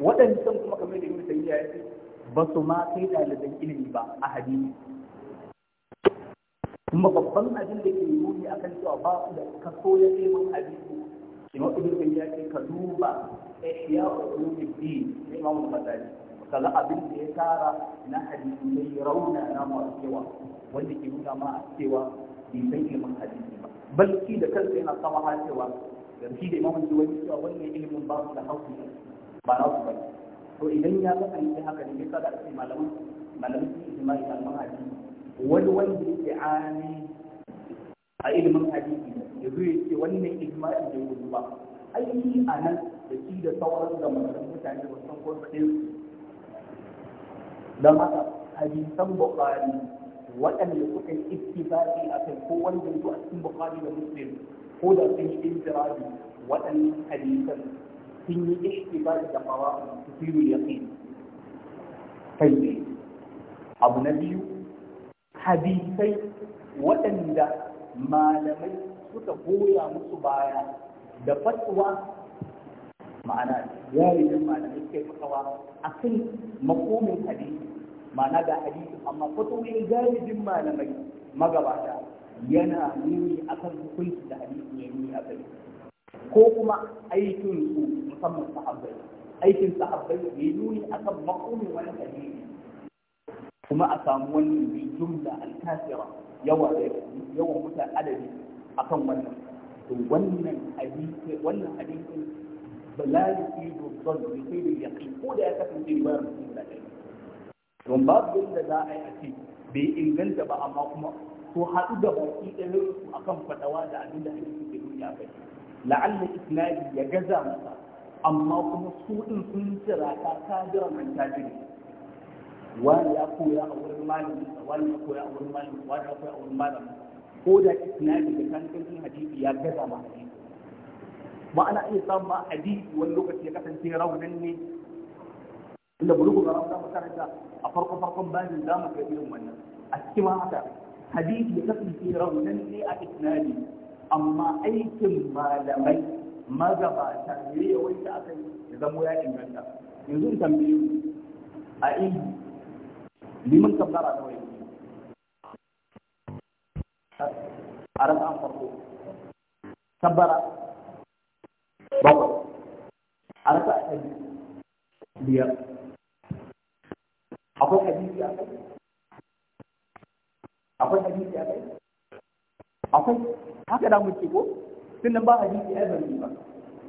waɗancan kuma kamar da ibnu tayyiya ya ce ba su ma kai ɗaliban ilimi ba a hadisi kuma babban abin da ke nuni kan cewa ba su da kaso ya ilimin hadisi imam ibnu tayyiya ya ce ka duba ihya ulumuddin imam al-ghazali kaga abin da ya tara na hadisi mai rauna na masu cewa wanda ke nuna ma cewa bai san ilimin hadisi ba balki da kansa yana sama har cewa yanzu da imamun zuwa yi cewa wannan ilimin ba su da hauki ba na su ba to idan ya ga an yi haka ne ya kada ake malaman malaman su ijma'i malaman hadisi wani wanda yake ami a ilimin hadisi ya zo ya ce wannan ijma'i da wuri ba ai a nan da shi da sauran da malaman mutane ba san ko su don haka hadisan bukari waɗanda suka yi ittifaqi a kan ko wanda yanzu a cikin bukhari da muslim ko da sun yi intirabi waɗannan hadisan sun yi ittifaqi da fara tufirul yaqin kai abu na biyu hadisai waɗanda malamai suka goya musu baya da fatwa ma'ana yayin malamai suka yi fatawa akan makomin hadisi ma'ana ga hadisi amma fatoyin galibin malamai magabata yana nuni akan hukunci da hadisi ya nuni a kai ko kuma aikin su musamman sahabbai aikin sahabbai ya nuni akan makomin wani hadisi kuma a samu wannan mai jumla alkasira yawa yawan mutane adadi akan wannan to wannan hadisi wannan hadisi bala yusidu dhanni sai da yaqin ko da ya kasance riwayar mutum da don babu yadda za a yi a ce bai inganta ba amma kuma ko haɗu da baki ɗayan su kan fadawa da abin da ake cikin duniya ba la'alla isnadi ya gaza masa amma kuma su ɗin sun cira ta kajira man tajiri wani ya koya a wurin malamin wani ya koya a wurin malamin wani ya koya a wurin malamin ko da isnadi da kankanin hadisi ya gaza ma hadisi ma'ana iya samun ma hadisi wani lokaci ya kasance raunin ne inda bulugu garam za mu karanta a farko farkon babin za mu kai irin wannan a cikin haka hadisi ya kasance raunan ne a isnadi amma aikin malamai magabata ne ya wanda aka yi ya zamo ya inganta yanzu in tambaye mu a ihu liman kabbara da wai a ran an farko kabbara bakwai a rasa a biyar akwai hadisi akai akwai hadisi akai akwai haka da muke ko tun nan ba hadisi ai bari ba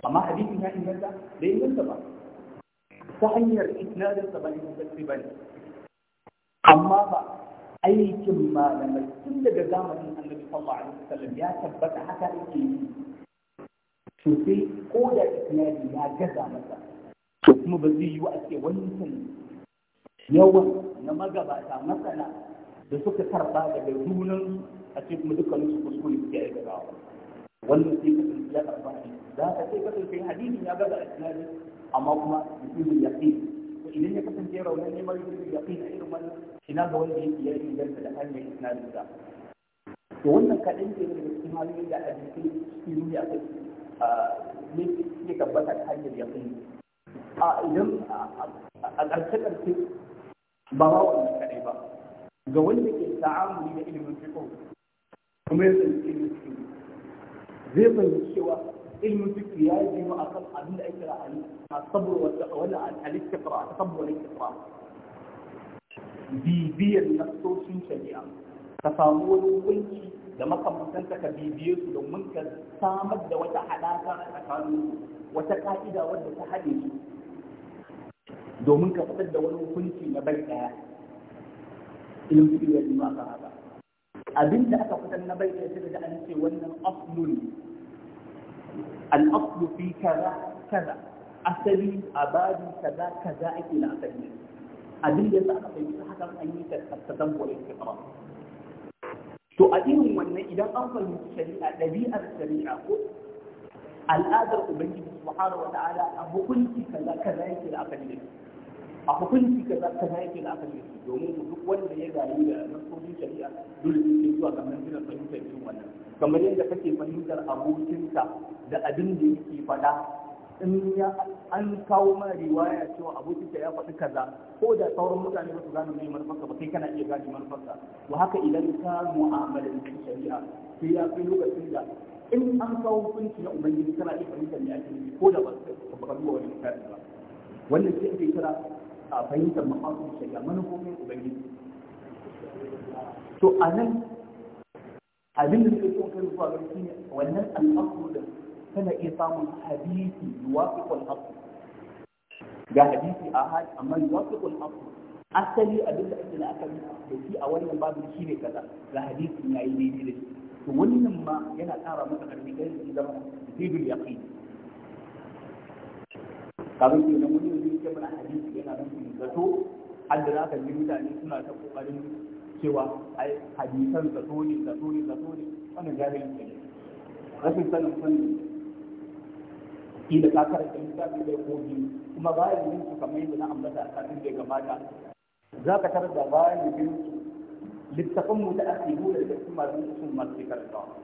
amma hadisin ya inganta da inganta ba ta hanyar isnadin sa ba inganta ba ne amma ba aikin malamai tun daga zamanin annabi sallallahu alaihi wasallam ya tabbata haka yake yi to sai ko da isnadi ya gaza masa to kuma ba zai yi wa ake wancan yawan na magabata masana da suka karba daga junan a ce kuma dukkanin su kuskure suke aikatawa wannan sai kasance ya karba shi za ka sai kasance hadisin ya gaza isnadi amma kuma mutumin yaqin idan ya kasance raunin neman mutumin yaqin na, irin wannan ina ga wanda yake ya inganta da hanyar isnadin ta. to wannan kaɗan ke daga cikin hanyoyin da hadisai suke nuni a kai ne suke tabbata ta hanyar yaqin a idan a ƙarshe ƙarshe ba ma wannan kadai ba ga wanda ke ta'amuli da ilimin fiqh kuma ya san ilimin fiqh zai fahimci cewa ilimin fiqh ya yi mu akan abin da ake ra'ayi asabr wa wala al-istiqra asabr wa al-istiqra bibiyar nasoshin shari'a ka samu wani wanki da makamantanta ka bibiye su domin ka samar da wata haɗaka a tsakanin wata ka'ida wadda ta haɗe su domin ka fitar da wani hukunci na bai daya ilm fi ya ma sahaba abin da aka fitar na bai daya sai da an ce wannan aslun al aslu fi kaza kaza asali abadi kaza kaza ake na asali abin da yasa aka fahimci hakan an yi ta tadabbu ta fiqh to a irin wannan idan an fahimci shari'a ɗabi'ar shari'a ko al'adar ubangiji subhanahu wa ta'ala a hukunci kaza yake da aka a hukunci kaza kaza yake da aka ne domin duk wanda ya rayu da nasoshin shari'a dole ke zuwa ga manzilar fahimtar irin wannan kamar yadda kake fahimtar abokinka da abin da yake faɗa in ya an kawo mana riwaya cewa abokinka ya faɗi kaza ko da sauran mutane ba su gane mai manufarka ba kai kana iya gane manufarka to haka idan ka mu'amalanci shari'a sai ya fi lokacin da in an kawo hukunci na ubangiji tana iya fahimtar me ake nufi ko da ba su ka duba wani littafi ba wannan sai ake kira a fahimtar mahaifin shari'a manufofin ubangiji to a nan abin da suke son kai zuwa gari shine wannan al'asu da kana iya samun hadisi yuwafiqul haqqi ga hadisi a ahad amma yuwafiqul haqqi asali abin da ake la'akari da shi a wannan babu shine kaza ga hadisin yayi daidai da shi to wannan ma yana ƙara masa ƙarfi da yake zama zidul yaqin kamar ke nan wani yanzu ke mana hadisi yana nufin zato hadda za ka ji mutane suna ta ƙoƙarin cewa ai hadisan zato ne zato ne zato ne wannan jahilin ke rashin sanin sanin kila ka karanta littafi da kogi kuma bayan yin su kamar yadda na ambata a kafin da ya gabata za ka tarar da bayan yin su littafan mu da ake buɗe da cikin masu sun masu ke karantawa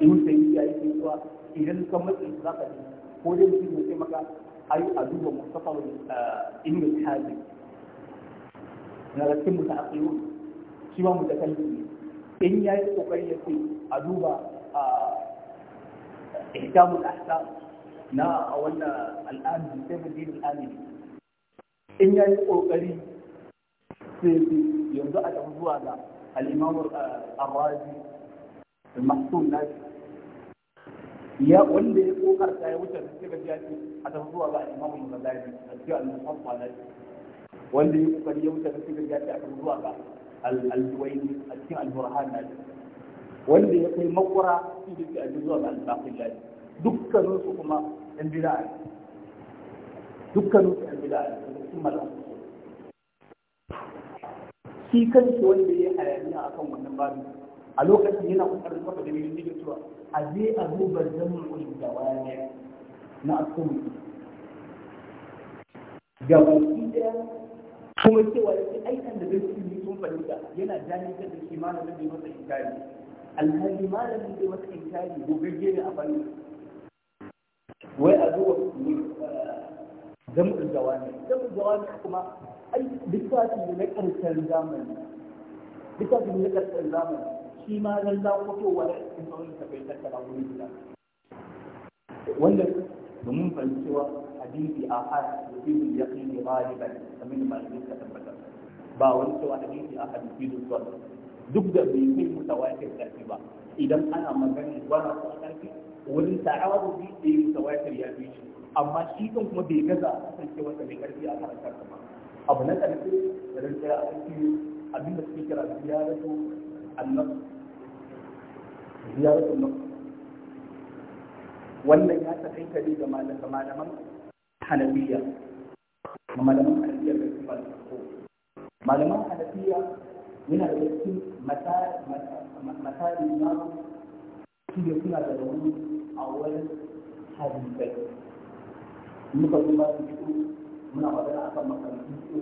in sai yi aiki zuwa idan ka matsi za ka ji ko dai mutum ya ce maka yi a duba mustafa eh, ibn hazim na da cikin mutum ake yi shi ma mutakallim ne in ya yi kokari ya ce a duba eh, ihkamul ahkam na a wannan al'adu sai mu dinin amini in ya yi kokari sai yanzu a tafi zuwa ga al'imamu arrazi mahsum na ya wanda ya kokar ta ya wuce sai ga ya ce a tafi zuwa ga al'imamu ghazali a cikin al-muhammad na wanda ya kokar ya wuce sai ga ya ce a tafi zuwa ga al-juwayni a cikin al-burhan na wanda ya kai makura shi da ke ajin zuwa ga al-baqillani dukkanin su kuma yan bid'a dukkanin su yan bid'a da kuma malamu shi kanshi wanda ya hayaniya a kan wannan babu a lokacin yana kokarin kafa da mai da cewa a je a duba zaman wani da waya na asumi ga wani daya kuma cewa yake aikan da zai yi sun fahimta yana kan da shi malamin da ya masa inkari alhali malamin da ya masa inkari gogagge ne a fannin wai a zuwa zam'ul eh, jawami zam'ul wani kuma littafi na ƙarshen zamani littafi na ƙarshen zamani shi ma zan za fitowa da cikin sauran ta bai tattara wuri guda wanda domin fahimcewa hadisi a har yufidu ya kai ne galiban kamar da malamin ka tabbatar ba wani cewa hadisi a har yufidu sun duk da bai kai mutawatir ƙarfi ba idan ana maganin gwara ko ƙarfi wurin ta'awuzi da mutawatir ya fi shi amma shi kan kuma bai gaza kasancewa da mai ƙarfi a kan ba abu na ƙarfi da ran kira a cikin abinda suke kira ziyaratu annab ziyaratu annab wannan ya ta kai kare ga malaman hanabiya malaman hanabiya da kuma malaman hanabiya yana da cikin masari na su da suna da rauni a wurin hadisai muka zuba su cikin muna magana a kan makarantun su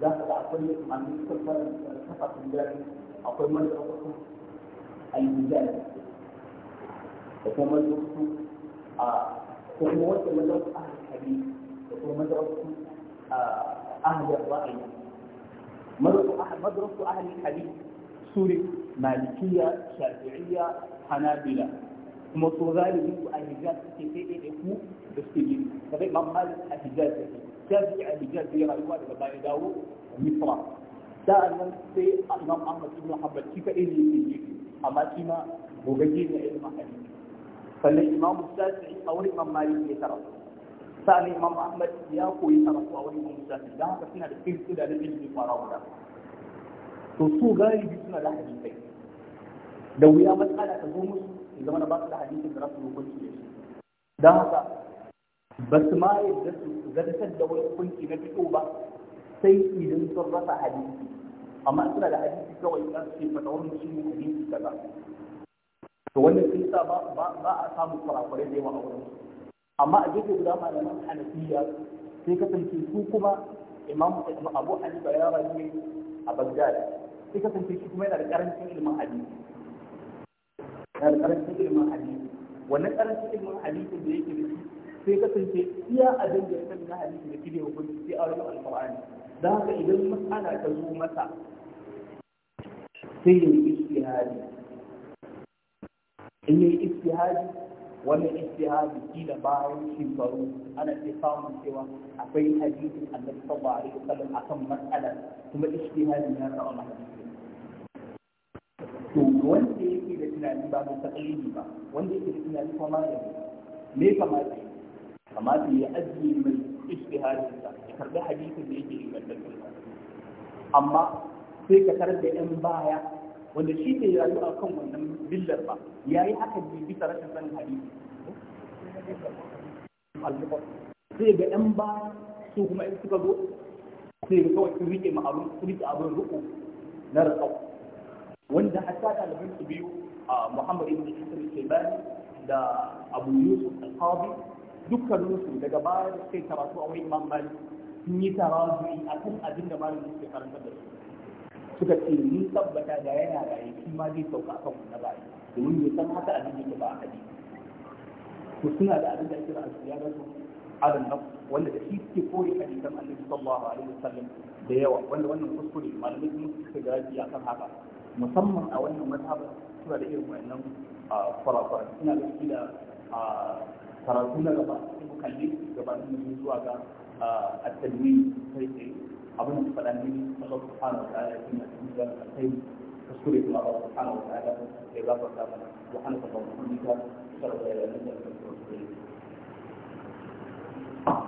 za ka ga akwai malamin sun fara kafa tunjari akwai madrasa al-mujahid da kuma madrasa a kuma wata madrasa ahlul hadith da kuma madrasa ahlul ra'ayi madrasa ahlul hadith suri malikiya shafi'iyya hanabila kuma so zalibin ku a hijaz suke sai ɗaiɗaiku da suke gini kaga imam malik a hijaz yake tabi'a al-hijaz bai rayuwa ba bayan dawo misra sa'annan sai imam ahmad ibn hanbal shi kadai ne yake yi amma shi ma gogaje ne a ilmin hadisi sannan imam shafi'i a wurin imam malik ya tara sa'annan imam ahmad ya koyi karatu a wurin imam shafi'i dan haka suna da kirki da ilimi fara guda to su galibi suna da hadisai da wuya matsala ta zo musu zama da ba su da hadisin da za su hukunci shi بس ما يدرس درس الدواء كل كنا كتوبة سيء إذن صرف حديثي أما أصلا لحديثي كو إذن في فتعون شيء حديث كذا فوانا سيسا ما ما ما أسام الصلاة فريدي وأورا أما أجيك إذا ما لنا حنفية سيكا تنسيكوكما إمام أبو حنيفة يا رجل أبغداد سيكا تنسيكوكما إلى الكارنسي إلما حديثي إلى الكارنسي إلما حديثي وانا الكارنسي إلما حديثي بيكي بيكي sai kasance iya abin da ya sani na hadisi da kide hukunci sai a wajen alƙur'ani da haka idan matsala ta zo masa sai ya yi istihadi in yi istihadi wannan istihadi kila bayan shekaru ana iya samun cewa akwai hadisin annabi sallallahu alaihi wasallam akan matsalar kuma istihadi ya sa Allah to wanda yake da tunani ba mai takalimi ba wanda yake da tunani kuma malami me kamata kamata ya ajiye mai ishtiharinsa ya karbi hadisin da yake ingantaccen amma sai ka tarar da yan baya wanda shi ne rayu a kan wannan billar ba ya yi haka ne bisa rashin sanin hadisi sai ga yan baya su kuma in suka zo sai ga kawai sun rike ma'arun sun rike abin riko na rasau wanda hatta ɗaliban su biyu a muhammad ibn isra ke da abu yusuf al-qadi Dukkan nusu daga baya da suka karatu a wani imam mali sun yi tarazuyi a kan abin da malamin suke karanta da su suka ce ni tabbata da yana raye shi ma zai sauka kan wani ba yi domin bai san haka abin da ke ba a hadi to suna da abin da ake ga su adam na wanda da shi suke kore hadisan annabi sallallahu alaihi wasallam da yawa wanda wannan kuskure malamai sun suka shi a kan haka musamman a wannan mazhabar suna da irin wannan fara-fara ah, suna da shi da ah, karatu na gaba sai kalli gabanin mu zuwa ga at-tanwi sai sai abin da faɗa ne Allah subhanahu wa ta'ala ya kuma tunzar alkhairi kuskure kuma Allah subhanahu wa da ya gafarta mana subhanahu wa ta'ala wa bihamdihi ta alaihi da sallam